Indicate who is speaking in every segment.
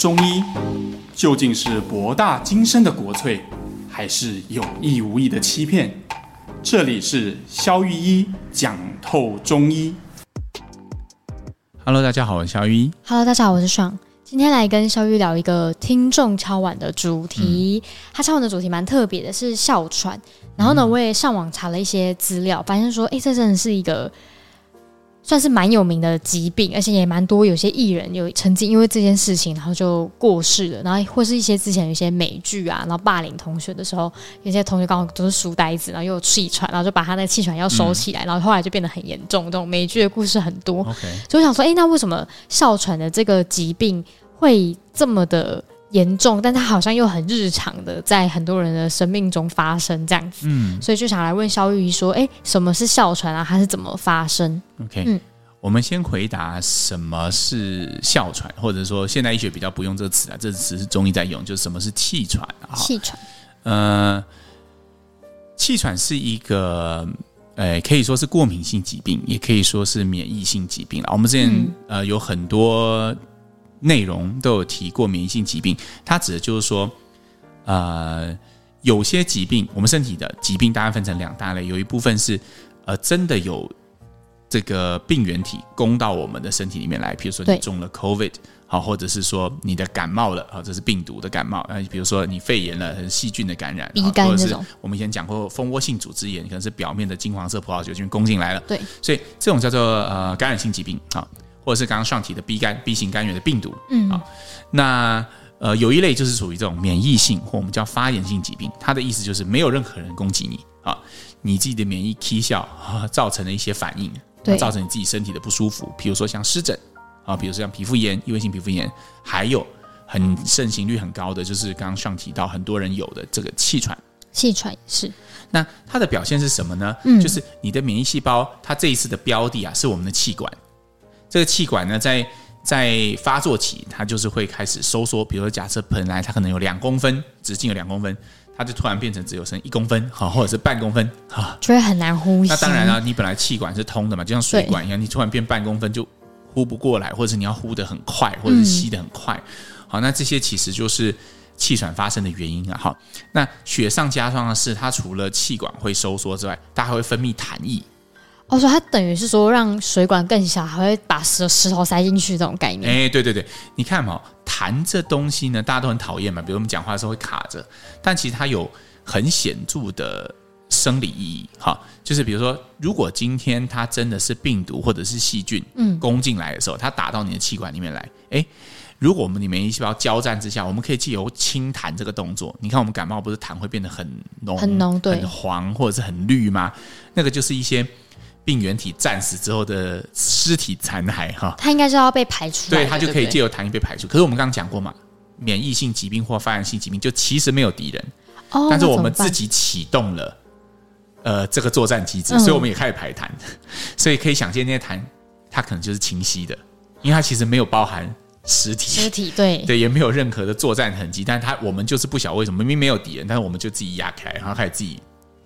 Speaker 1: 中醫究竟是博大精深的國粹，還是有意無意的欺騙？這裡是蕭御醫講透中醫。Hello 大, Hello，大家好，我是蕭御醫。
Speaker 2: Hello，大家好，我是爽。今天來跟蕭御醫聊一個聽眾敲碗的主題。嗯、他敲碗的主題蠻特別的，是哮喘。然後呢，嗯、我也上網查了一些資料，發現說，哎、欸，這真的是一個。算是蠻有名的疾病，而且也蠻多。有些藝人有曾經因為這件事情，然後就過世了，然後或是一些之前有些美劇啊，然後霸凌同學的時候，有些同學剛好都是書呆子，然後又有氣喘，然後就把他那氣喘要收起來，嗯、然後後來就變得很嚴重。這種美劇的故事很多，Okay 所以我想說，哎，那為什麼哮喘的這個疾病會這麼的？嚴重，但它好像又很日常的，在很多人的生命中發生這樣子，嗯，所以就想來問蕭御醫說，哎、欸，什麼是哮喘啊？它是怎麼發生
Speaker 1: ？OK，、嗯、我們先回答什麼是哮喘，或者說現代醫學比較不用這個詞啊，這個詞是中醫在用，就是什麼是氣喘啊？氣喘，嗯，氣喘，、呃、氣喘是一個，哎、欸，可以說是過敏性疾病，也可以說是免疫性疾病了。我們之前、嗯、呃有很多。內容都有提過，免疫性疾病，它指的就是說，呃，有些疾病，我們身體的疾病大概分成兩大類，有一部分是，呃，真的有這個病原體攻到我們的身體裡面來，比如說你中了 COVID，好對，或者是說你的感冒了，啊，這是病毒的感冒，啊，比如說你肺炎了，很細菌的感染，或者是我們以前講過蜂窩性組織炎，可能是表面的金黃色葡萄球菌攻進來了，對，所以這種叫做呃感染性疾病，好、啊。或者是剛剛上提的 B 肝 B 型肝炎的病毒，嗯啊、哦，那呃有一類就是屬於這種免疫性或我們叫發炎性疾病，它的意思就是沒有任何人攻擊你啊、哦，你自己的免疫 T 效啊造成了一些反應，造成你自己身體的不舒服，對比如說像濕疹啊、哦，比如說像皮膚炎、異位性皮膚炎，還有很盛行率很高的就是剛剛上提到很多人有的這個氣喘，氣喘是，那它的表現是什麼呢？嗯、就是你的免疫細胞它這一次的標的啊是我們的氣管。這個氣管呢，在在發作期，它就是會開始收縮。比如說，假設本來它可能有兩公分，直徑有兩公分，它就突然變成只有剩一公分，好，或者是半公分，啊，
Speaker 2: 所以很難呼吸。那當然了，你
Speaker 1: 本來氣管是通的嘛，就像水管一樣，對你突然變半公分就呼不過來，或者是你要呼得很快，或者是吸得很快，嗯、好，那這些其實就是氣喘發生的原因啊，好。那雪上加霜的是，它除了氣管會收縮之外，它還會分泌痰液。
Speaker 2: 我說、哦、它等於是說讓水管更小，還會把石石頭塞進去這種概念。哎、
Speaker 1: 欸，對對對，你看嘛、哦，痰這東西呢，大家都很討厭嘛。比如我們講話的時候會卡着，但其實它有很顯著的生理意義。哈、哦，就是比如說，如果今天它真的是病毒或者是細菌，嗯，攻進來的時候，嗯、它打到你的氣管裡面來，欸、如果我們裡面免疫細胞交戰之下，我們可以借由清痰這個動作。你看，我們感冒不是痰會變得很濃、很濃、對、很黃或者是很綠嗎？那個就是一些。病原體戰死之後的屍體殘骸哈，它
Speaker 2: 應該是要被排除。對，它就可以借由
Speaker 1: 痰液被排除。對對對，可是我們剛剛講過嘛，免疫性疾病或發炎性疾病，就其實沒有敵人，哦、但是我們自己啟動了、哦、呃這個作戰機制，所以我們也開始排痰，嗯、所以可以想見那些痰，它可能就是清晰的，因為它其實沒有包含實體，實體對對，也沒有任何的作戰痕跡，但是它我們就是不曉為什麼明明沒有敵人，但是我們就自己壓開，然後開始自己。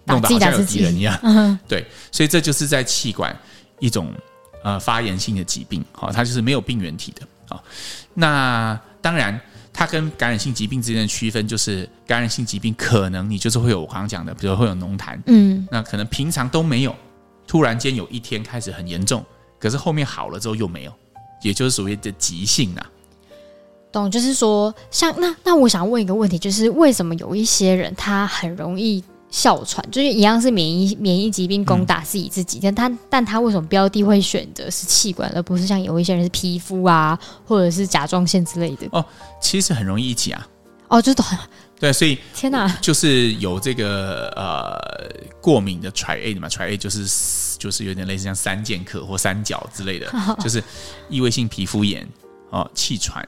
Speaker 1: 弄得好像有敵人一樣，嗯、對，所以這就是在氣管一種呃發炎性的疾病，好、哦，它就是沒有病原體的啊、哦。那當然，它跟感染性疾病之間的區分就是，感染性疾病可能你就是會有我剛剛講的，比如說會有膿痰，嗯，那可能平常都沒有，突然間有一天開始很嚴重，可是後面好了之後又沒有，也就是所謂的急性啊。
Speaker 2: 懂，就是說，像那那，那我想問一個問題，就是為什麼有一些人他很容易？哮喘，就是一樣是免疫免疫疾病，攻打自己自己，嗯、但他但他為什麼標的會選擇是氣管，而不是像有一些人是皮膚啊，或者是甲狀腺之類的？
Speaker 1: 哦，其實很容易一起啊。
Speaker 2: 哦，就是
Speaker 1: 對，所以天哪、啊呃，就是有這個呃過敏的 triad 的嘛，triad 就是就是有點類似像三劍客或三角之類的，哦、就是異位性皮膚炎啊，氣、哦、喘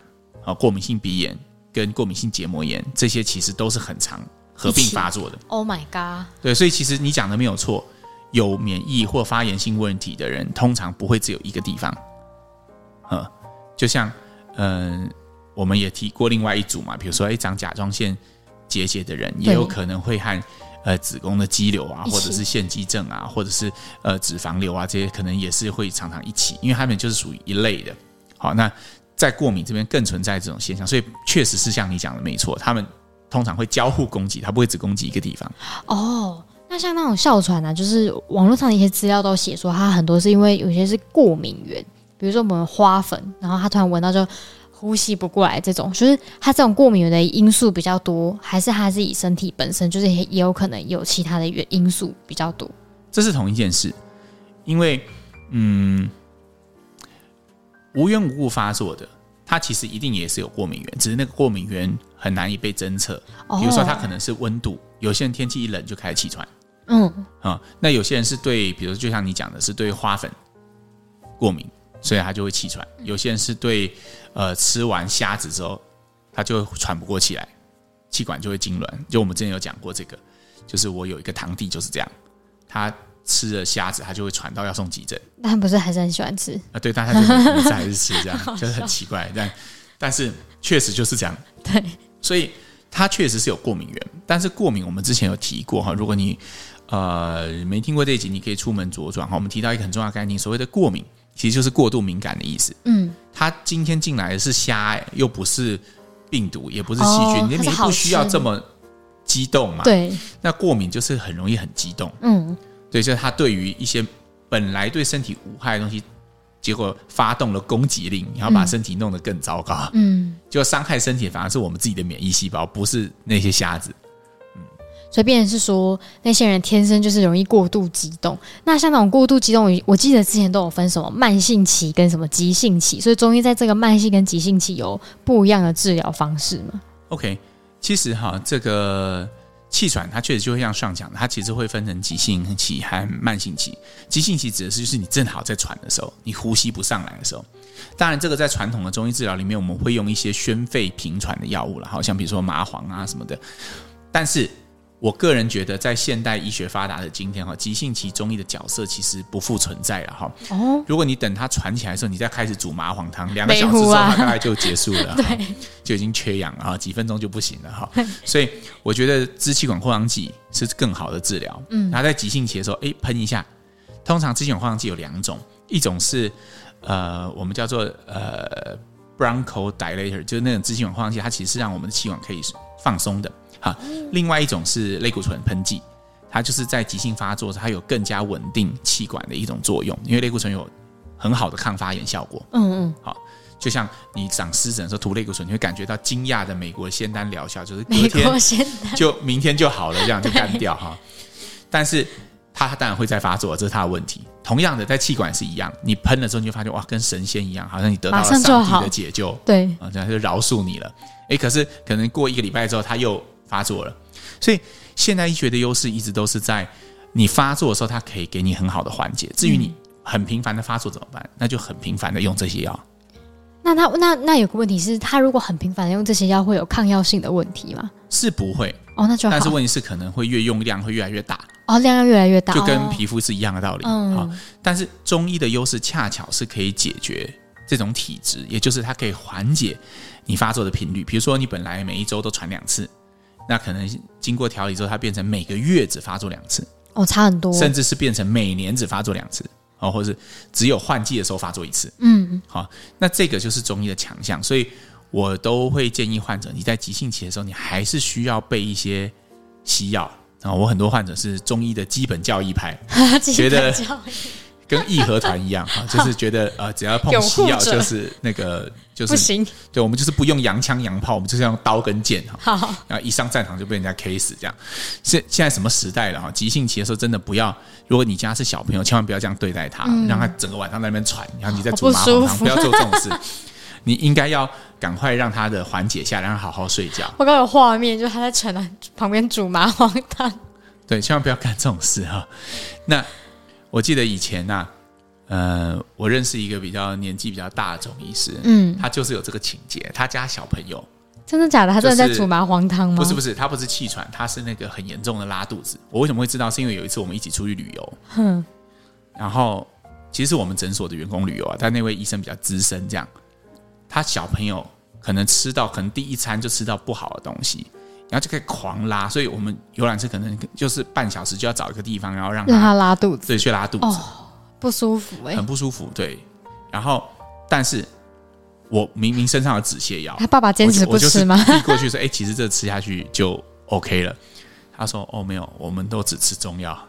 Speaker 1: 啊、哦，過敏性鼻炎跟過敏性結膜炎這些其實都是很常。合併發作的，Oh my god！對，所以其實你講的沒有錯，有免疫或發炎性問題的人，通常不會只有一個地方，就像嗯、呃，我們也提過另外一組嘛，比如說，哎，長甲狀腺結節的人，也有可能會和呃子宮的肌瘤啊，或者是腺肌症啊，或者是呃脂肪瘤啊，這些可能也是會常常一起，因為他們就是屬於一類的。好，那在過敏這邊更存在這種現象，所以確實是像你講的沒錯，他們。通常會交互攻擊，它不會只攻擊一個地方。
Speaker 2: 哦，oh, 那像那種哮喘呢、啊？就是網絡上的一些資料都寫說，他很多是因為有些是過敏源，比如說我們花粉，然後他突然聞到就呼吸不過來，這種就是他這種過敏源的因素比較多，還是他自己身體本身就是也有可能也有其他的原因素比較
Speaker 1: 多？這是同一件事，因為嗯，無緣無故發作的。它其實一定也是有過敏源，只是那個過敏源很難以被偵測。比如說，它可能是溫度，oh. 有些人天氣一冷就開始氣喘。Mm. 嗯啊，那有些人是對，比如就像你講的，是對花粉過敏，所以他就會氣喘。有些人是對，呃，吃完蝦子之後，他就會喘不過氣來，氣管就會痙攣。就我們之前有講過這個，就是我有一個堂弟就是這樣，他。吃了蝦子，他就會喘到要送急診。
Speaker 2: 但不是，還是很喜歡吃
Speaker 1: 啊？對，但他覺得沒事， 還是吃這樣，就是很奇怪。 但但是確實就是這樣。對，所以他確實是有過敏源。但是過敏，我們之前有提過哈。如果你呃沒聽過這一集，你可以出門左轉哈。我們提到一個很重要的概念，所謂的過敏，其實就是過度敏感的意思。嗯，他今天進來的是蝦、欸，又不是病毒，也不是細菌，哦、你那不需要這麼激動嘛？對，那過敏就是很容易很激動。嗯。對，就是他對於一些本來對身體無害的東西，結果發動了攻擊令，然後把身體弄得更糟糕。嗯，就、嗯、傷害身體，反而是我們自己的免疫細胞，不是那些瞎子。嗯，
Speaker 2: 所以變成是說那些人天生就是容易過度激動。那像那種過度激動，我我記得之前都有分什麼慢性期跟什麼急性期，所以中醫在這個慢性跟急性期有不一樣的治療方式嗎
Speaker 1: ？OK，其實哈，這個。氣喘，它確實就會像上講的，它其實會分成急性期和慢性期。急性期指的是就是你正好在喘的時候，你呼吸不上來的時候。當然，這個在傳統的中醫治療裡面，我們會用一些宣肺平喘的藥物了，好像比如說麻黃啊什麼的。但是，我個人覺得，在現代醫學發達的今天，哈，急性期中醫的角色其實不復存在了，哈。哦。如果你等它傳起來的時候，你再開始煮麻黃湯，兩個小時之後它大概就結束了，對，就已經缺氧了，哈，幾分鐘就不行了，哈嘿。所以我覺得支氣管擴張劑是更好的治療。嗯。然後在急性期的時候，哎、欸，噴一下。通常支氣管擴張劑有兩種，一種是呃，我們叫做呃 bronchodilator，就是那種支氣管擴張劑，它其實是讓我們的氣管可以放鬆的。啊、另外一種是類固醇噴劑，它就是在急性發作時，它有更加穩定氣管的一種作用，因為類固醇有很好的抗發炎效果。嗯嗯，好、啊，就像你長濕疹的時候塗類固醇，你會感覺到驚訝的美國仙丹療效，就是隔天就明天就好了，這樣就乾掉哈對、啊。但是它當然會再發作，這是它的問題。同樣的，在氣管是一樣，你噴了之後你就發覺哇，跟神仙一樣，好像你得到了上帝的解救，對，好它、啊、就饒恕你了。哎、欸，可是可能過一個禮拜之後，它又發作了，所以現代醫學的優勢一直都是在你發作的時候，它可以給你很好的緩解。至於你很頻繁的發作怎麼辦？那就很頻繁的用這些藥。
Speaker 2: 那那那那有個問題是，他如果很頻繁的用這些藥，會有抗藥性的問
Speaker 1: 題嗎？是不會、嗯、哦。那就但是問題是，可能會越用量會越來越大
Speaker 2: 哦，量量越來越大，就跟皮
Speaker 1: 膚是一樣的道理。哦、嗯。但是中醫的優勢恰巧是可以解決這種體質，也就是它可以緩解你發作的頻率。比如說你本來每一周都喘兩次。那可能經過調理之後，它變成每個月只發作兩次
Speaker 2: 哦，差很多，甚至
Speaker 1: 是變成每年只發作兩次哦，或者是只有換季的時候發作一次。嗯，好，哦，那這個就是中醫的強項，所以我都會建議患者，你在急性期的時候，你還是需要備一些西藥，然後，哦，我很多患者是中醫的基本教義派，覺得。跟義和團一樣哈、 啊，就是覺得呃只要碰西藥就是那個就是不行。對，我們就是不用洋槍洋炮，我們就是用刀跟劍哈。啊、好然後一上戰場就被人家 K 死這樣。現現在什麼時代了哈？急性期的時候真的不要，如果你家是小朋友，千萬不要這樣對待他，嗯、讓他整個晚上在那邊喘，然後你在煮麻黃湯，好不要做這種事。你應該要趕快讓他的緩解下來，讓他好好睡覺。
Speaker 2: 我剛有畫面，就他在喘旁邊煮麻黃湯。
Speaker 1: 對，千萬不要幹這種事哈、啊。那。我記得以前吶、啊，呃，我認識一個比較年紀比較大的中醫師，嗯，他就是有這個情節，他家小朋友
Speaker 2: 真的假的？他真的在煮麻黃湯嗎、就是？不是不
Speaker 1: 是，他不是氣喘，他是那個很嚴重的拉肚子。我為什麼會知道？是因為有一次我們一起出去旅遊，哼然後其實是我們診所的員工旅遊啊，但那位醫生比較資深，這樣他小朋友可能吃到，可能第一餐就吃到不好的東西。然後就可以狂拉，所以我們遊覽車可能就是半小時就要找一個地方，然後讓他,讓他拉肚子，對，去拉肚子，哦，
Speaker 2: 不舒服哎、欸，很不
Speaker 1: 舒服。對，然後但是我明明身上有止瀉藥，他爸爸堅持不吃嗎？一過去說，哎、欸，其實這個吃下去就 OK 了。 他說，哦，沒有，我們都只吃中藥啊、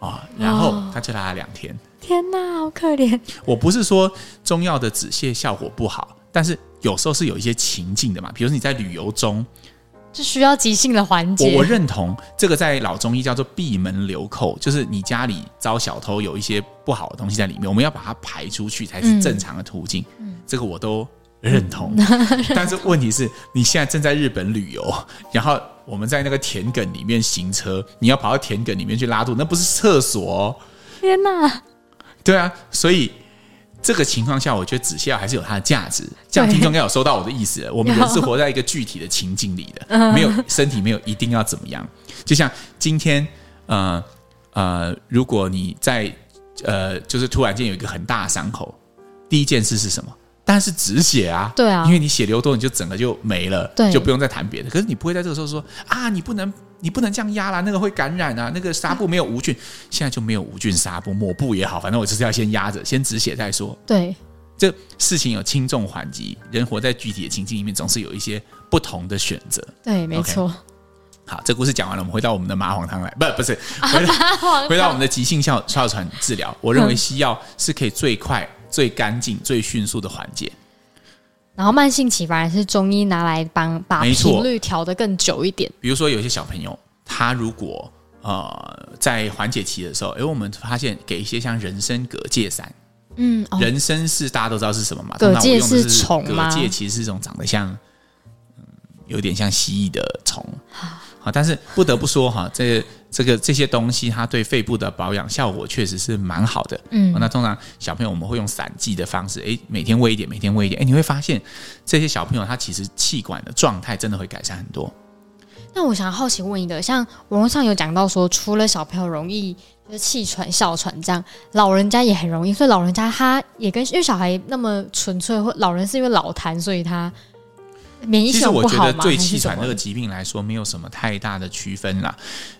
Speaker 1: 哦。然後哇他就拉了兩天，
Speaker 2: 天哪，好可憐。
Speaker 1: 我不是說中藥的止瀉效果不好，但是有時候是有一些情境的嘛，比如說你在旅遊中。
Speaker 2: 是需要急性的環節，我認
Speaker 1: 同這個，在老中醫叫做閉門留寇，就是你家裡招小偷，有一些不好的東西在裡面，我們要把它排出去才是正常的途徑。嗯、這個我都認同，嗯、 但是問題是你現在正在日本旅遊，然後我們在那個田埂裡面行車，你要跑到田埂裡面去拉肚，那不是廁所、
Speaker 2: 哦？天哪！
Speaker 1: 對啊，所以。這個情況下，我覺得止血還是有它的價值。這樣聽眾應該有收到我的意思。對我們人是活在一個具體的情境裡的，有沒有身體沒有一定要怎麼樣。就像今天，呃呃，如果你在呃，就是突然間有一個很大的傷口，第一件事是什麼？當然是止血啊。對啊，因為你血流多，你就整個就沒了，對就不用再談別的。可是你不會在這個時候說啊，你不能。你不能這樣壓啦，那個會感染啊！那個紗布沒有無菌，嗯、現在就沒有無菌紗布，抹布也好，反正我就是要先壓着，先止血再說。對，這事情有輕重緩急，人活在具體的情境裡面，總是有一些不同的選擇。對，沒錯。Okay? 好，這故事講完了，我們回到我們的麻黃湯來，不，不是，回到，啊、麻黃
Speaker 2: 湯回到我
Speaker 1: 們的急性哮喘治療。我認為西藥是可以最快、最乾淨、最迅速的緩解。
Speaker 2: 然後慢性期反而是中醫拿來幫把頻率調得更久一點。
Speaker 1: 比如說有些小朋友他如果呃在緩解期的時候，哎，我們發現給一些像人參蛤蚧、蛤蚧散，嗯，哦、人參是大家都知道是什麼嘛？蛤蚧是蟲嗎？用的是蛤蚧其實是一種長得像，有點像蜥蜴的蟲。啊，但是不得不說哈，這這個這些東西，它對肺部的保養效果確實是蠻好的。嗯，那通常小朋友我們會用散劑的方式，哎、欸，每天餵一點，每天餵一點，哎、欸，你會發現這些小朋友他其實氣管的狀態真的會改善很多。
Speaker 2: 那我想好奇問一個，像網絡上有講到說，除了小朋友容易氣喘、哮喘這樣，老人家也很容易，所以老人家他也跟因為小孩那麼純粹，或老人是因為老痰，所以他。免疫其實我覺得對氣喘這個疾
Speaker 1: 病來說，沒有什麼太大的區分啦，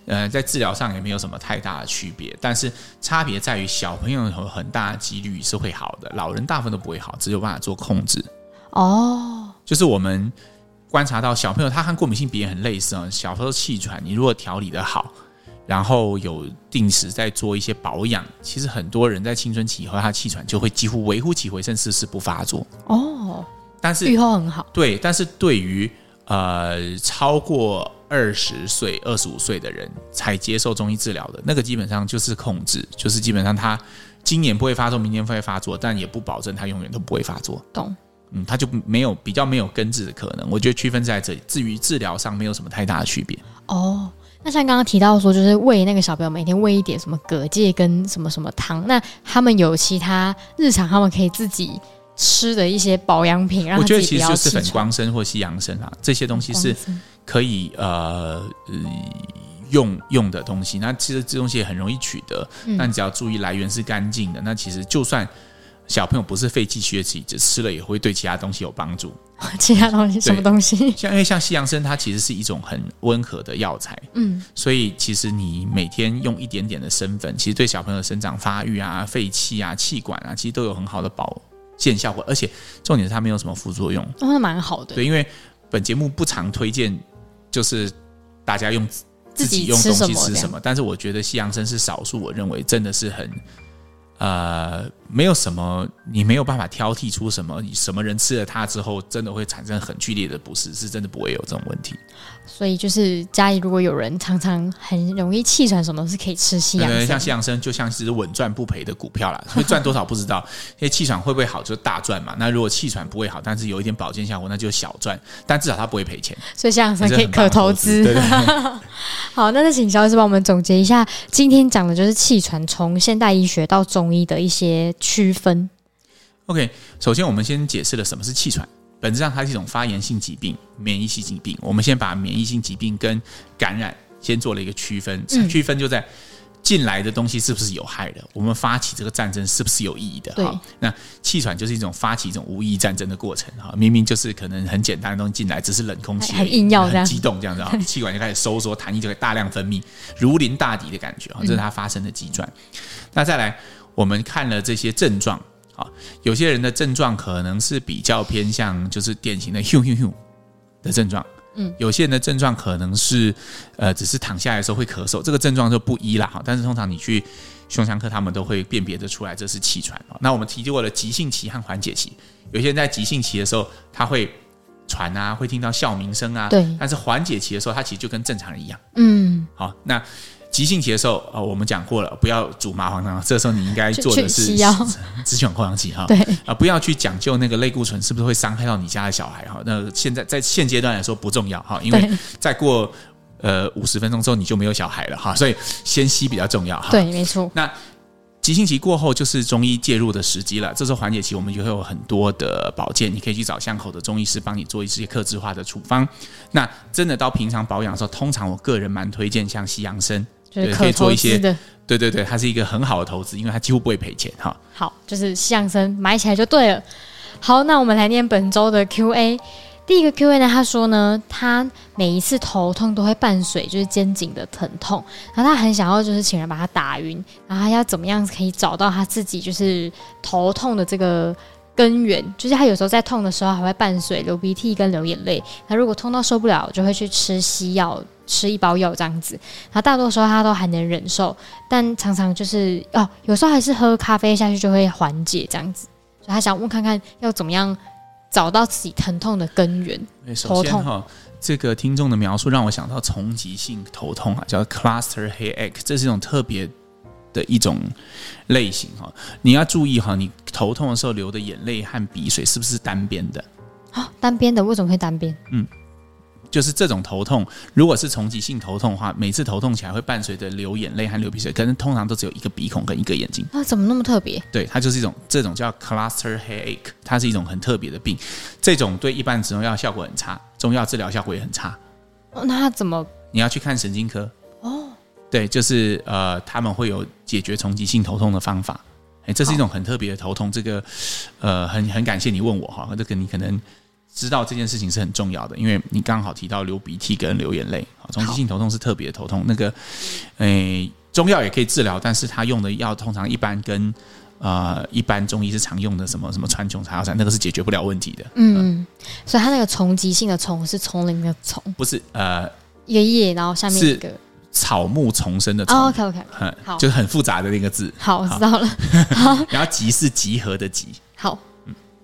Speaker 1: 呃，在治療上也沒有什麼太大的區別，但是差別在於小朋友有很大幾率是會好的，老人大部分都不會好，只有辦法做控制。哦，就是我們觀察到小朋友他和過敏性鼻炎很類似啊，小時候氣喘，你如果調理得好，然後有定時在做一些保養，其實很多人在青春期以後，他氣喘就會幾乎微乎其微甚至是不發作。哦。但是預後很好，對。但是對於呃超過二十歲、二十五歲的人才接受中醫治療的那個，基本上就是控制，就是基本上他今年不會發作，明年不會發作，但也不保證他永遠都不會發作。懂。嗯，他就沒有比較沒有根治的可能。我覺得區分在這裡。至於治療上，沒有什麼太大的區別。
Speaker 2: 哦，那像剛剛提到說，就是餵那個小朋友每天餵一點什麼蛤蚧跟什麼什麼湯，那他們有其他日常，他們可以自己。吃的一些保養品，我覺得其實就是粉
Speaker 1: 光參或西洋參啊，這些東西是可以呃、呃用用的東西。那其實這東西也很容易取得，嗯、那你只要注意來源是乾淨的，那其實就算小朋友不是肺氣虛的體質，吃了也會對其他東西有幫助。其他東西什麼東西？像因為像西洋參，它其實是一種很溫和的藥材，嗯，所以其實你每天用一點點的參粉，其實對小朋友的生長發育啊、肺氣啊、氣管啊，其實都有很好的保。見效果，而且重點是它沒有什麼副作用，
Speaker 2: 哦、那蠻好的耶。對，
Speaker 1: 因為本節目不常推薦，就是大家用自己用東西吃什麼，吃什麼這樣。但是我覺得西洋參是少數，我認為真的是很。呃，沒有什麼，你沒有辦法挑剔出什麼，你什麼人吃了它之後真的會產生很劇烈的不適，是真的不會有這種問題。
Speaker 2: 所以就是家裡如果有人常常很容易氣喘，什麼都是可以吃西洋參。對，對，對，像西洋
Speaker 1: 參就像是穩賺不賠的股票啦，所以賺多少不知道， 因為氣喘會不會好就大賺嘛。那如果氣喘不會好，但是有一點保健效果，那就是小賺，但至少它不會賠錢。
Speaker 2: 所以西洋參可以可投資。好，那就請蕭老師幫我們總結一下，今天講的就是氣喘從現代醫學到中容易的一些區分。
Speaker 1: OK，首先我們先解釋了什麼是氣喘，本質上它是一種發炎性疾病、免疫性疾病。我們先把免疫性疾病跟感染先做了一個區分，區分就在進來的東西是不是有害的，嗯、我們發起這個戰爭是不是有意義的。對，好，那氣喘就是一種發起一種無意義戰爭的過程啊，明明就是可能很簡單的東西進來，只是冷空氣、還還硬要、很激動這樣子啊，氣 管就開始收縮，痰液就會大量分泌，如臨大敵的感覺啊，這是它發生的機轉。嗯、那再來，我們看了這些症狀，啊，有些人的症狀可能是比較偏向就是典型的“咻咻咻”的症狀，嗯，有些人的症狀可能是呃，只是躺下來的時候會咳嗽，這個症狀就不一了哈。但是通常你去胸腔科，他們都會辨別出來這是氣喘。那我們提及過了急性期和緩解期，有些人在急性期的時候他會喘啊，會聽到哮鳴聲啊，對，但是緩解期的時候，他其實就跟正常人一樣，嗯，好，那。急性期的時候啊、哦，我們講過了，不要煮麻黃湯。這時候你應該做的是，是，是，是支氣管擴張劑哈。哦、對啊，不要去講究那個類固醇是不是會傷害到你家的小孩哈、哦。那現在在現階段來說不重要哈、哦，因為對再過呃五十分鐘之後你就沒有小孩了哈、哦，所以先吸比較重要哈。哦、對，沒錯。那急性期過後就是中醫介入的時機了，這時候，緩解期我們就會有很多的保健，你可以去找巷口的中醫師幫你做一些客製化的處方。那真的到平常保養的時候，通常我個人蠻推薦像西洋參。可，對，可以做一些對對對，它是一個很好的投資，因為它幾乎不會賠錢哈。
Speaker 2: 好，就是相聲買起來就對了。好，那我們來念本周的 Q&A。第一個 Q&A 呢，他說呢，他每一次頭痛都會伴隨就是肩頸的疼痛，然後他很想要就是請人把他打暈，然後他要怎麼樣可以找到他自己就是頭痛的這個根源？就是他有時候在痛的時候還會伴隨流鼻涕跟流眼淚，他如果痛到受不了就會去吃西藥，吃一包藥這樣子，然後大多數時候他都還能忍受，但常常就是哦，有時候還是喝咖啡下去就會緩解這樣子。所以他想問看看要怎麼樣找到自己疼痛的根源。首先頭痛哈、
Speaker 1: 哦，這個聽眾的描述讓我想到叢集性頭痛啊，叫 cluster headache，這是一種特別的一種類型哈。你要注意哈，你頭痛的時候流的眼淚和鼻水是不是單邊的？
Speaker 2: 哦、單邊的，為什麼會單邊？
Speaker 1: 嗯。就是這種頭痛，如果是叢集性頭痛的話，每次頭痛起來會伴隨着流眼淚和流鼻水，可能通常都只有一個鼻孔跟一個眼睛。
Speaker 2: 啊，怎麼那麼特別？
Speaker 1: 對，它就是一種這種叫 cluster headache，它是一種很特別的病。這種對一般止痛藥效果很差，中藥治療效果也很差。
Speaker 2: 哦、那它怎麼？
Speaker 1: 你要去看神經科哦。對，就是呃，他們會有解決叢集性頭痛的方法。誒、欸，這是一種很特別的頭痛，這個呃，很很感謝你問我哈，這個你可能。知道這件事情是很重要的，因為你剛好提到流鼻涕跟流眼淚啊，叢集性頭痛是特別頭痛。好那個，哎、欸，中藥也可以治療，但是他用的藥通常一般跟啊、呃、一般中醫是常用的什麼什麼川芎茶藥散，那個是解決不了問題的。
Speaker 2: 嗯，嗯，所以它那個“叢”集性的“叢是叢林的“叢不是呃一個葉，然後下面一個
Speaker 1: 是草木叢生的。叢 o k OK，, okay, okay. 嗯，好就是很複雜的那個字。好，我知道了。好 然後“集”是集合的“集”。
Speaker 2: 好。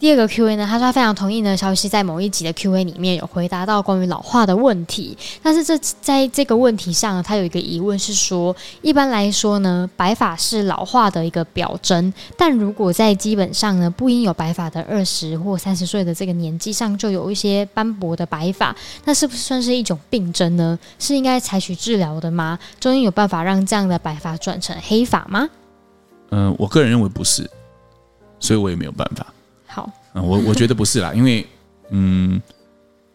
Speaker 2: 第二個 Q&A 呢，他說他非常同意呢。消息，在某一集的 Q&A 裡面有回答到關於老化的問題，但是這在這個問題上呢，他有一個疑問是說，一般來說呢，白髮是老化的一個表徵，但如果在基本上呢不應有白髮的二十或三十歲的這個年紀上就有一些斑駁的白髮，那是不是算是一種病症呢？是應該採取治療的嗎？中醫有辦法讓這樣的白髮轉成黑髮嗎？嗯、
Speaker 1: 呃，我個人認為不是，所以我也沒有辦法。我我覺得不是啦，因為，嗯，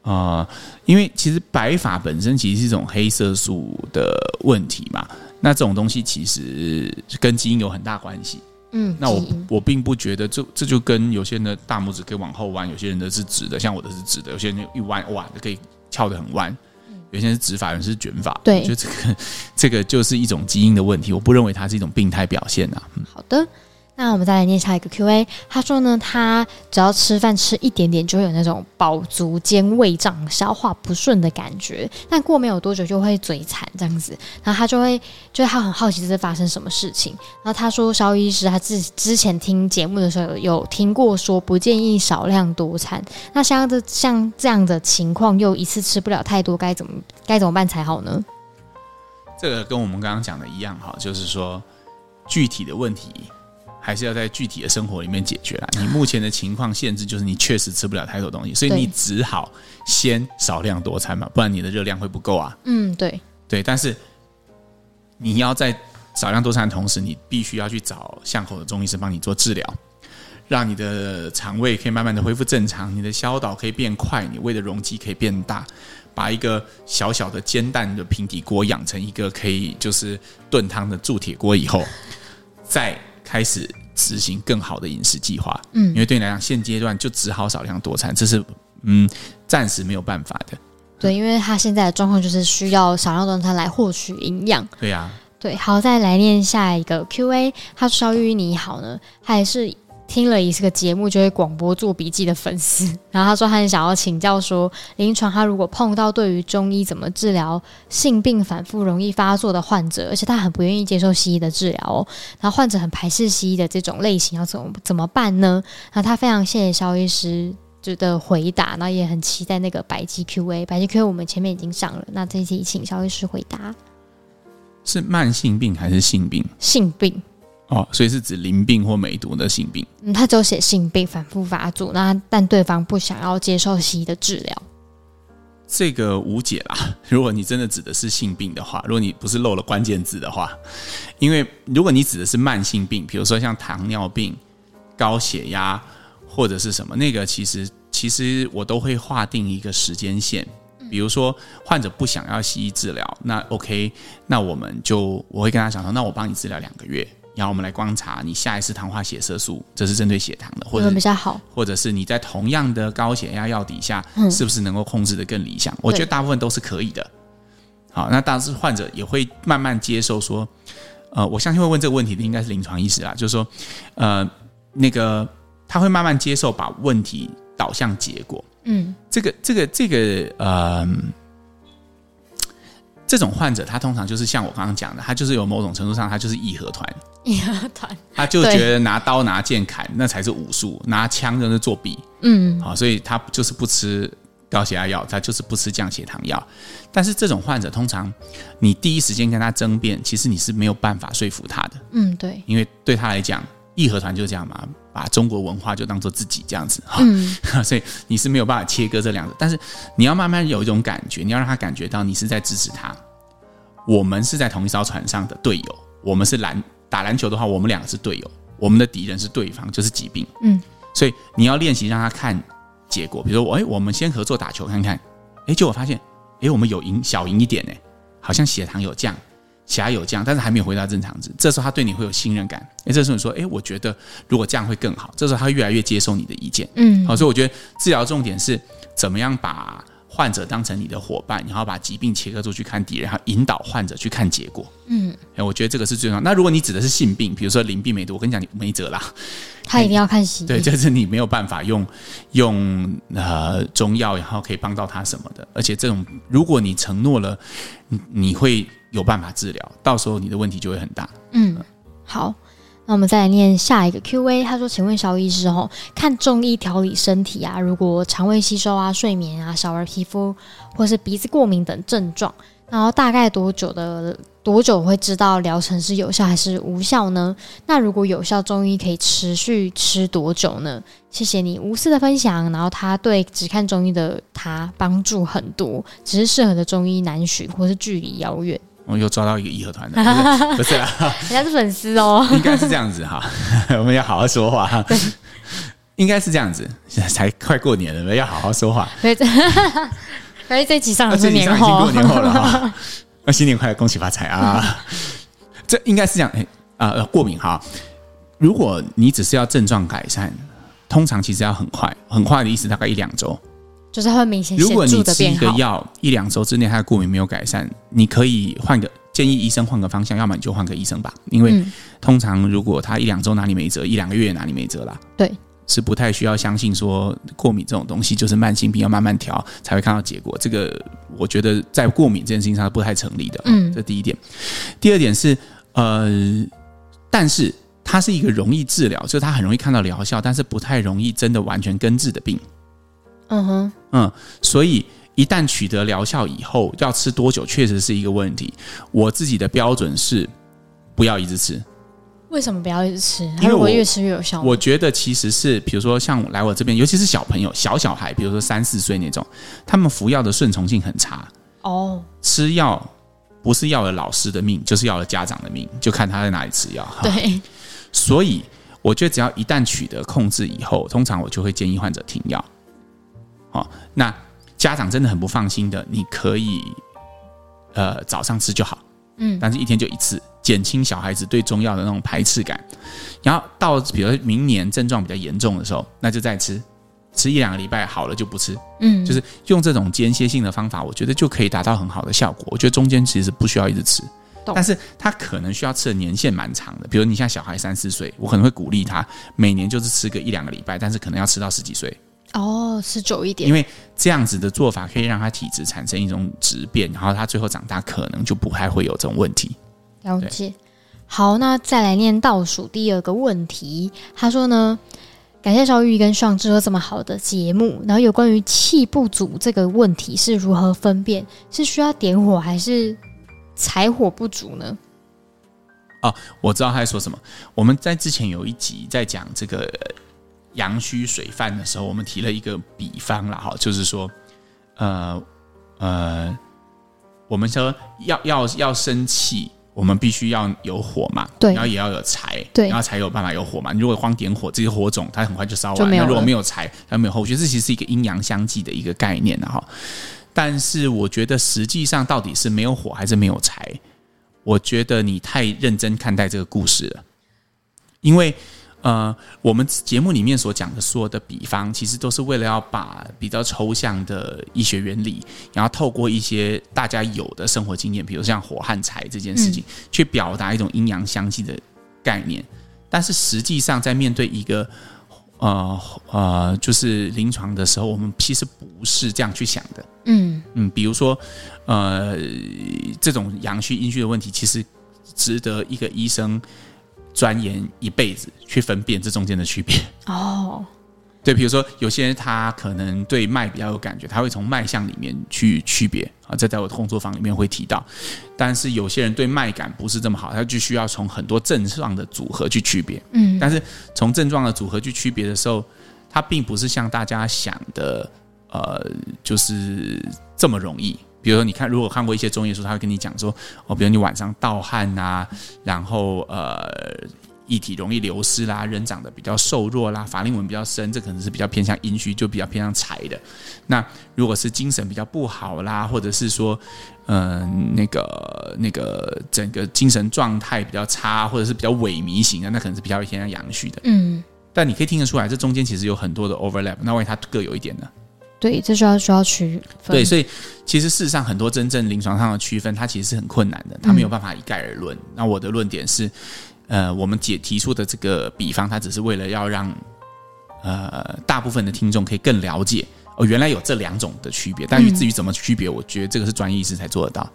Speaker 1: 啊、呃，因為其實白髮本身其實是一種黑色素的問題嘛，那這種東西其實跟基因有很大關係。嗯，那我我並不覺得這這就跟有些人的大拇指可以往後彎，有些人的是直的，像我的是直的，有些人一彎哇就可以翹得很彎，有些人是直髮，有些是卷髮。對，我覺得這個這個就是一種基因的問題，我不認為它是一種病態表現啊。嗯，好的。
Speaker 2: 那我們再來念下一個 Q&A。他說呢，他只要吃飯吃一點點，就會有那種飽足兼胃脹、消化不順的感覺，但過沒有多久就會嘴饞這樣子。然後他就會，就是他很好奇這發生什麼事情。然後他說，蕭醫師，他自己之前聽節目的時候有聽過說不建議少量多餐。那像這像這樣的情況，又一次吃不了太多，該怎麼該怎麼辦才好呢？
Speaker 1: 這個跟我們剛剛講的一樣哈，就是說具體的問題，還是要在具體的生活裡面解決了。你目前的情況限制就是你確實吃不了太多東西，所以你只好先少量多餐嘛，不然你的熱量會不夠啊。嗯，對對，但是你要在少量多餐的同時，你必須要去找巷口的中醫師幫你做治療，讓你的腸胃可以慢慢的恢復正常，你的消導可以變快，你胃的容積可以變大，把一個小小的煎蛋的平底鍋養成一個可以就是燉湯的鑄鐵鍋以後，再。開始執行更好的飲食計劃，嗯，因為對你來講，現階段就只好少量多餐，這是嗯暫時沒有辦法的。
Speaker 2: 對，嗯、因為他現在的狀況就是需要少量多餐來獲取營養。對呀、啊，對，好，再來念下一個 Q&A，他需要與你好呢，還是？聽了一次個節目就會廣播做筆記的粉絲，然後他說他很想要請教說，臨床他如果碰到對於中醫怎麼治療性病反覆容易發作的患者，而且他很不願意接受西醫的治療哦，然後患者很排斥西醫的這種類型，要怎麼怎麼辦呢？然後他非常謝謝蕭醫師的回答，然後也很期待那個百集 QA，百集 QA 我們前面已經上了，那這一題請蕭醫師回答。
Speaker 1: 是慢性病還是性病？
Speaker 2: 性病。
Speaker 1: 哦，所以是指淋病或梅毒的性病。
Speaker 2: 嗯，他只有寫性病反覆發作，那但對方不想要接受西醫的治療，
Speaker 1: 這個無解啦。如果你真的指的是性病的話，如果你不是漏了關鍵字的話，因為如果你指的是慢性病，比如說像糖尿病、高血壓或者是什麼，那個其實其實我都會劃定一個時間線。比如說患者不想要西醫治療，那 OK，那我們就我會跟他講說，那我幫你治療兩個月。然後我們來觀察你下一次糖化血色素，這是針對血糖的，或者比較好，或者是你在同樣的高血壓藥底下，是不是能夠控制得更理想？嗯、我覺得大部分都是可以的。好，那大致患者也會慢慢接受說，呃，我相信會問這個問題的應該是臨床醫師啦。就是說，呃，那個他會慢慢接受把問題導向結果。嗯，這個，這個，這個，呃。這種患者他通常就是像我剛剛講的，他就是有某種程度上他就是義和團，
Speaker 2: 義和團，他就覺得
Speaker 1: 拿刀拿劍砍那才是武術，拿槍就是作弊，嗯，好、哦，所以他就是不吃高血壓藥，他就是不吃降血糖藥。但是這種患者通常，你第一時間跟他爭辯，其實你是沒有辦法說服他的，
Speaker 2: 嗯，對，
Speaker 1: 因為對他來講，義和團就是這樣嘛。把中國文化就當做自己這樣子哈、嗯，所以你是沒有辦法切割這兩個，但是你要慢慢有一種感覺，你要讓他感覺到你是在支持他，我們是在同一艘船上的隊友，我們是籃打籃球的話，我們兩個是隊友，我們的敵人是對方，就是疾病。嗯，所以你要練習讓他看結果，比如說我，哎、欸，我們先合作打球看看，哎、欸，結果發現，哎、欸，我們有贏小贏一點、欸，呢，好像血糖有降。其他有這樣，但是還沒有回到正常值。這時候他對你會有信任感，哎，這時候你說，哎，我覺得如果這樣會更好。這時候他會越來越接受你的意見，嗯，好，所以我覺得治療的重點是怎麼樣把患者當成你的夥伴，然後把疾病切割出去看敵人，然後引導患者去看結果，嗯，我覺得這個是最重要。那如果你指的是性病，比如說淋病、梅毒，我跟你講，你沒轍啦。
Speaker 2: 他一定要看性，對，就是
Speaker 1: 你沒有辦法用用呃中藥，然後可以幫到他什麼的。而且這種，如果你承諾了，你，你會有辦法治療，到時候你的問題就會很大。嗯，
Speaker 2: 好，那我們再來念下一個 Q&A。他說：“請問蕭醫師，吼，看中醫調理身體啊，如果腸胃吸收啊、睡眠啊、小兒皮膚或是鼻子過敏等症狀，然後大概多久的多久會知道療程是有效還是無效呢？那如果有效，中醫可以持續吃多久呢？謝謝你無私的分享。然後他對只看中醫的他幫助很多，只是適合的中醫難尋，或是距離遙遠。”
Speaker 1: 我又抓到一個義和團的，不是啦，是
Speaker 2: 啊、人家是粉絲哦，應該是這樣
Speaker 1: 子哈，我們要好好說話哈，對 應該是這樣子，現在才快過年了，要好好說話，
Speaker 2: 對，反正這集、啊、上,上已經過年後了
Speaker 1: 哈、 啊，新年快樂，恭喜發財啊！嗯、這應該是這樣，哎、欸、啊、呃，過敏哈，如果你只是要症狀改善，通常其實要很快，很快的意思大概一兩周。
Speaker 2: 就是很明顯。如果你吃一個
Speaker 1: 藥一兩周之內，他的過敏沒有改善，你可以換個建議醫生換個方向，要麼你就換個醫生吧。因為、嗯、通常如果他一兩周哪裡沒轍，一兩個月哪裡沒轍了，對，是不太需要相信說過敏這種東西就是慢性病要慢慢調才會看到結果。這個我覺得在過敏這件事情上不太成立的。嗯，這第一點。第二點是呃，但是它是一個容易治療，就是它很容易看到療效，但是不太容易真的完全根治的病。嗯哼，嗯，所以一旦取得療效以後，要吃多久確實是一個問題。我自己的標準是不要一直吃。
Speaker 2: 為什麼不要一直吃？因為我越吃越有效果。我
Speaker 1: 覺得其實是，比如說像來我這邊，尤其是小朋友、小小孩，比如說三四歲那種，他們服藥的順從性很差。
Speaker 2: 哦，
Speaker 1: 吃藥不是要了老師的命，就是要了家長的命，就看他在哪裡吃藥。哈對，所以我覺得只要一旦取得控制以後，通常我就會建議患者停藥。那家長真的很不放心的，你可以，呃，早上吃就好，嗯，但是一天就一次，減輕小孩子對中藥的那種排斥感。然後到比如明年症狀比較嚴重的時候，那就再吃，吃一兩個禮拜好了就不吃，嗯，就是用這種間歇性的方法，我覺得就可以達到很好的效果。我覺得中間其實不需要一直吃，但是他可能需要吃的年限蠻長的。比如你像小孩三四歲，我可能會鼓勵他每年就是吃個一兩個禮拜，但是可能要吃到十幾歲。
Speaker 2: 哦，是久一點的，因為
Speaker 1: 這樣子的做法可以讓他體質產生一種質變，然後他最後長大可能就不太會有這種問題。
Speaker 2: 了解。對好，那再來念倒數第二個問題。他說呢，感謝小玉跟上志做這麼好的節目。然後有關於氣不足這個問題是如何分辨，是需要點火還是柴火不足呢？
Speaker 1: 哦，我知道他在說什麼。我們在之前有一集在講這個。陽虛水泛的時候，我們提了一個比方了哈，就是說，呃呃，我們說要要要生氣，我們必須要有火嘛，對，然後也要有柴，對，然後才有辦法有火嘛。對你如果光點火，這些火種它很快就燒完了，那如果沒有柴，它沒有火，我覺得這其實是一個陰陽相濟的一個概念了哈。但是我覺得實際上到底是沒有火還是沒有柴，我覺得你太認真看待這個故事了，因為。呃，我們節目裡面所講的所有的比方，其實都是為了要把比較抽象的醫學原理，然後透過一些大家有的生活經驗，比如像火和柴這件事情，嗯、去表達一種陰陽相濟的概念。但是實際上，在面對一個呃呃，就是臨床的時候，我們其實不是這樣去想的。嗯嗯，比如說呃，這種陽虛陰虛的問題，其實值得一個醫生。鑽研一輩子去分辨這中間的區別哦，對，比如說有些人他可能對脈比較有感覺，他會從脈象裡面去區別啊，在在我的工作坊裡面會提到，但是有些人對脈感不是這麼好，他就需要從很多症狀的組合去區別，嗯，但是從症狀的組合去區別的時候，他並不是像大家想的，呃，就是這麼容易。比如說，你看，如果看過一些中醫書，他會跟你講說，哦，比如說你晚上盜汗啊，然後呃，液體容易流失啦，人長得比較瘦弱啦，法令紋比較深，這可能是比較偏向陰虛，就比較偏向柴的。那如果是精神比較不好啦，或者是說，嗯、呃，那個那個整個精神狀態比較差，或者是比較萎靡型的，那可能是比較偏向陽虛的。嗯，但你可以聽得出來，這中間其實有很多的 overlap。那萬一他各有一點呢？
Speaker 2: 對，這需要需要區分。對，所
Speaker 1: 以其實事實上，很多真正臨床上的區分，它其實是很困難的，它沒有辦法一概而論。嗯、那我的論點是，呃，我們解提出的這個比方，它只是為了要讓呃大部分的聽眾可以更了解哦，原來有這兩種的區別，但至於怎麼區別，我覺得這個是專業醫師才做得到，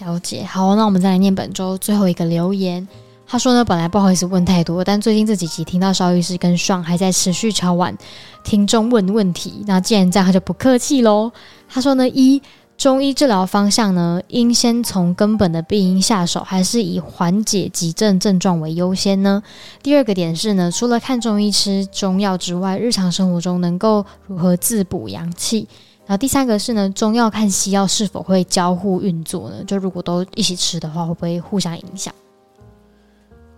Speaker 1: 嗯。
Speaker 2: 了解，好，那我們再來念本周最後一個留言。他說呢，本來不好意思問太多，但最近這幾集聽到蕭醫師跟爽還在持續敲碗聽眾問問題，那既然這樣，他就不客氣嘍。他說呢，一、中醫治療方向呢，應先從根本的病因下手，還是以緩解急症症狀為優先呢？第二個點是呢，除了看中醫吃中藥之外，日常生活中能夠如何自補陽氣？然後第三個是呢，中藥看西藥是否會交互運作呢？就如果都一起吃的話，會不會互相影響？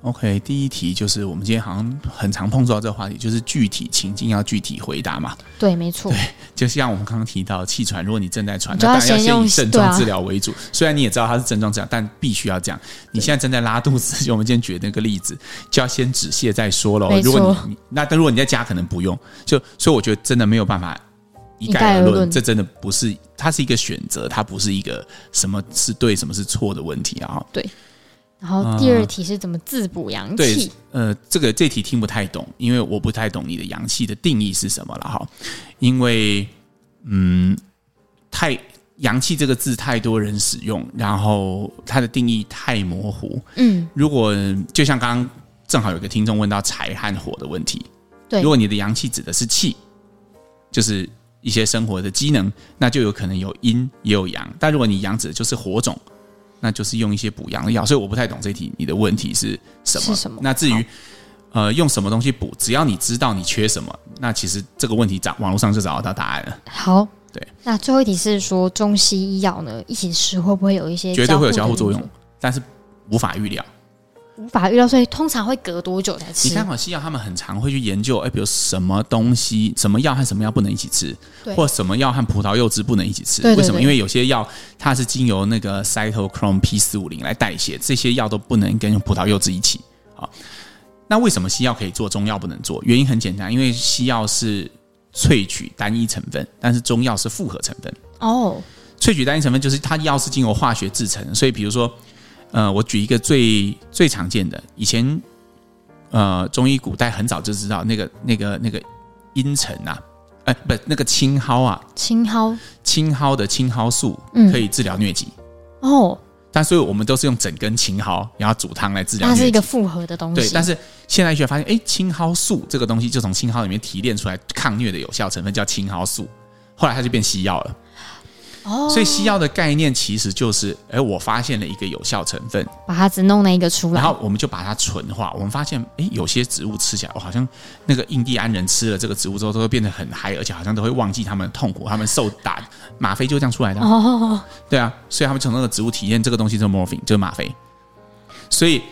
Speaker 1: OK，第一題就是我們今天好像很常碰到這個話題，就是具體情境要具體回答嘛。
Speaker 2: 對，沒錯。對，
Speaker 1: 就像我們剛剛提到，氣喘，如果你正在喘，那當然要先以症狀治療為主。啊、雖然你也知道它是症狀治療，但必須要這樣。對你現在正在拉肚子，就我們今天舉那個例子，就要先止瀉再說嘍。錯如果你那，但如果你在家可能不用。就所以我覺得真的沒有辦法
Speaker 2: 一概而論，而論這
Speaker 1: 真的不是它是一個選擇，它不是一個什麼是對什麼是錯的問題啊。對。
Speaker 2: 然後第二題是怎麼自補陽氣？呃，對，
Speaker 1: 呃，這個這題聽不太懂，因為我不太懂你的陽氣的定義是什麼了哈。因為嗯，太陽氣這個字太多人使用，然後它的定義太模糊。嗯，如果就像剛剛正好有個聽眾問到柴和火的問題，對如果你的陽氣指的是氣，就是一些生活的機能，那就有可能有陰也有陽。但如果你陽指的就是火種。那就是用一些補陽的藥，所以我不太懂這題，你的問題是什麼？是什麼？那至於，好呃，用什麼東西補，只要你知道你缺什麼，那其實這個問題找網絡上就找到答案了。好，
Speaker 2: 對。那最後一題是說，中西醫藥呢一起吃會不會有一些？絕對會有交互作用，
Speaker 1: 但是無法預料。
Speaker 2: 無法預料，所以通常會隔多久才吃？你看，好
Speaker 1: 西藥他們很常會去研究，哎，比如什麼東西、什麼藥和什麼藥不能一起吃，對或者什麼藥和葡萄柚汁不能一起吃？對對對。為什麼？因為有些藥它是經由那個 cytochrome P 四五零來代謝，這些藥都不能跟葡萄柚汁一起。好。那為什麼西藥可以做，中藥不能做？原因很簡單，因為西藥是萃取單一成分，但是中藥是複合成分。哦，萃取單一成分就是它藥是經過化學製成，所以比如說。呃，我舉一個最最常見的，以前，呃，中醫古代很早就知道那個那個那個茵陳啊，哎、呃，不，那個青蒿啊，青蒿，青蒿的青蒿素可以治療瘧疾、嗯。哦，但所以我們都是用整根青蒿，然後煮湯來治療。它是一個複合的東西，對。但是現在卻發現，哎，青蒿素這個東西就從青蒿裡面提煉出來抗瘧的有效成分叫青蒿素，後來它就變西藥了。嗯 Oh, 所以西藥的概念其實就是，哎、欸，我發現了一個有效成分，把它只弄了一個出來，然後我們就把它純化。我們發現，哎、欸，有些植物吃起來，我好像那個印第安人吃了這個植物之後，都會變得很嗨，而且好像都會忘記他們的痛苦，他們受打嗎啡就這樣出來的。哦，oh. 對啊，所以他們從那個植物體驗這個東西叫 morphine，就是嗎啡。所以，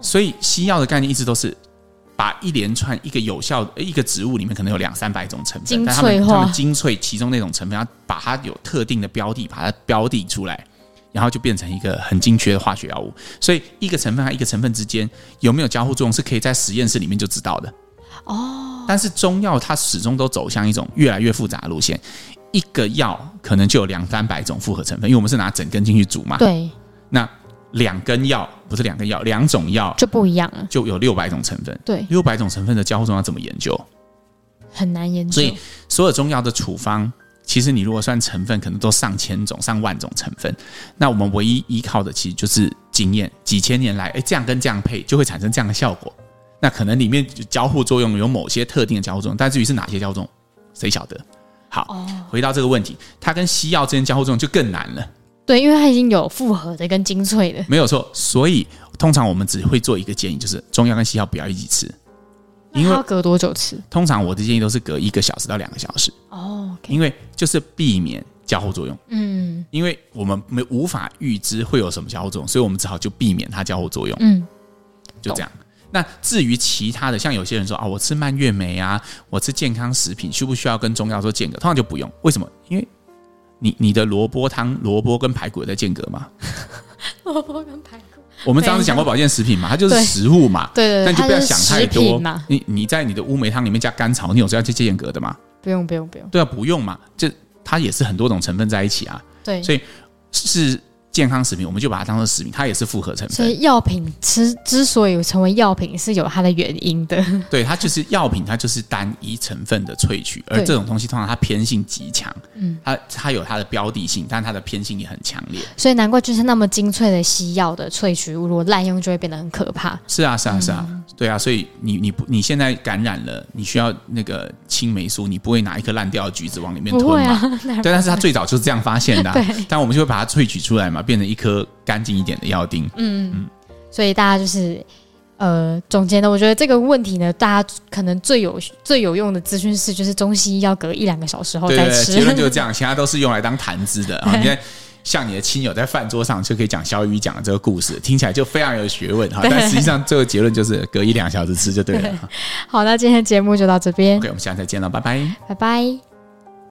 Speaker 1: 所以西藥的概念一直都是。把一連串一個有效一個植物裡面可能有兩三百種成分，但他們精粹其中那種成分，要把它有特定的標的，把它標定出來，然後就變成一個很精確的化學藥物。所以一個成分和一個成分之間有沒有交互作用，是可以在實驗室裡面就知道的。哦。但是中藥它始終都走向一種越來越複雜的路線，一個藥可能就有兩三百種複合成分，因為我們是拿整根進去煮嘛。
Speaker 2: 對。
Speaker 1: 那。兩根藥不是兩根藥，兩種藥就不一樣了就有六百種成分。對，六百種成分的交互作用要怎麼研究？
Speaker 2: 很難研究。所以
Speaker 1: 所有中藥的處方，其實你如果算成分，可能都上千種、上萬種成分。那我們唯一依靠的，其實就是經驗。幾千年來，哎，這樣跟這樣配就會產生這樣的效果。那可能裡面交互作用有某些特定的交互作用，但至於是哪些交互作用，誰曉得？好，哦，回到這個問題，它跟西藥之間交互作用就更難了。
Speaker 2: 對，因為它已經有複合的跟精粹的，
Speaker 1: 沒有錯。所以通常我們只會做一個建議，就是中藥跟西藥不要一起吃，因為要隔多久吃？通常我的建議都是隔一個小時到兩個小時哦，oh, okay. 因為就是避免交互作用。嗯，因為我們沒無法預知會有什麼交互作用，所以我們只好就避免它交互作用。嗯，就這樣。懂。那至於其他的，像有些人說啊，我吃蔓越莓啊，我吃健康食品，需不需要跟中藥做間隔？通常就不用，為什麼？因為你你的蘿蔔湯，蘿蔔跟排骨有在間隔嗎？
Speaker 2: 蘿蔔跟排骨， 我們上次講過保
Speaker 1: 健食品嘛，它就是食物嘛，對對對，但就不要想太多。你你在你的烏梅湯裡面加甘草，你有時候要去間隔的嗎？不用
Speaker 2: 不用不用。不用不用
Speaker 1: 對啊，不用嘛，就它也是很多種成分在一起啊，對，所以是。健康食品，我們就把它當做食品，它也是複合成分。所以
Speaker 2: 藥品之之所以成為藥品，是有它的原因的。
Speaker 1: 對，它就是藥品，它就是單一成分的萃取。而這種東西對通常它偏性極強，嗯，它它有它的標的性，但它的偏性也很強烈。
Speaker 2: 所以難怪就是那麼精粹的西藥的萃取物，如果濫用就會變得很可怕。
Speaker 1: 是啊，是啊，是啊，嗯、對啊。所以你你不你現在感染了，你需要那個青霉素，你不會拿一顆爛掉的橘子往裡面吞嗎？啊、對，但是它最早就是這樣發現的、啊。對，但我們就會把它萃取出來嘛。變成一顆乾淨一點的藥錠。嗯，
Speaker 2: 嗯所以大家就是，呃，總結呢，我覺得這個問題呢，大家可能最有最有用的資訊是，就是中西醫要隔一兩個小時後再吃。對對對結論就是這
Speaker 1: 樣， 其他都是用來當談資的啊。你看對，哦、像你的親友在飯桌上就可以講小雨講的這個故事，聽起來就非常有學問哈、哦，但實際上，這個結論就是隔一兩小時吃就對了。對
Speaker 2: 好，那今天的節目就到這邊，okay,
Speaker 1: 我們下次再見了，拜拜，
Speaker 2: 拜拜。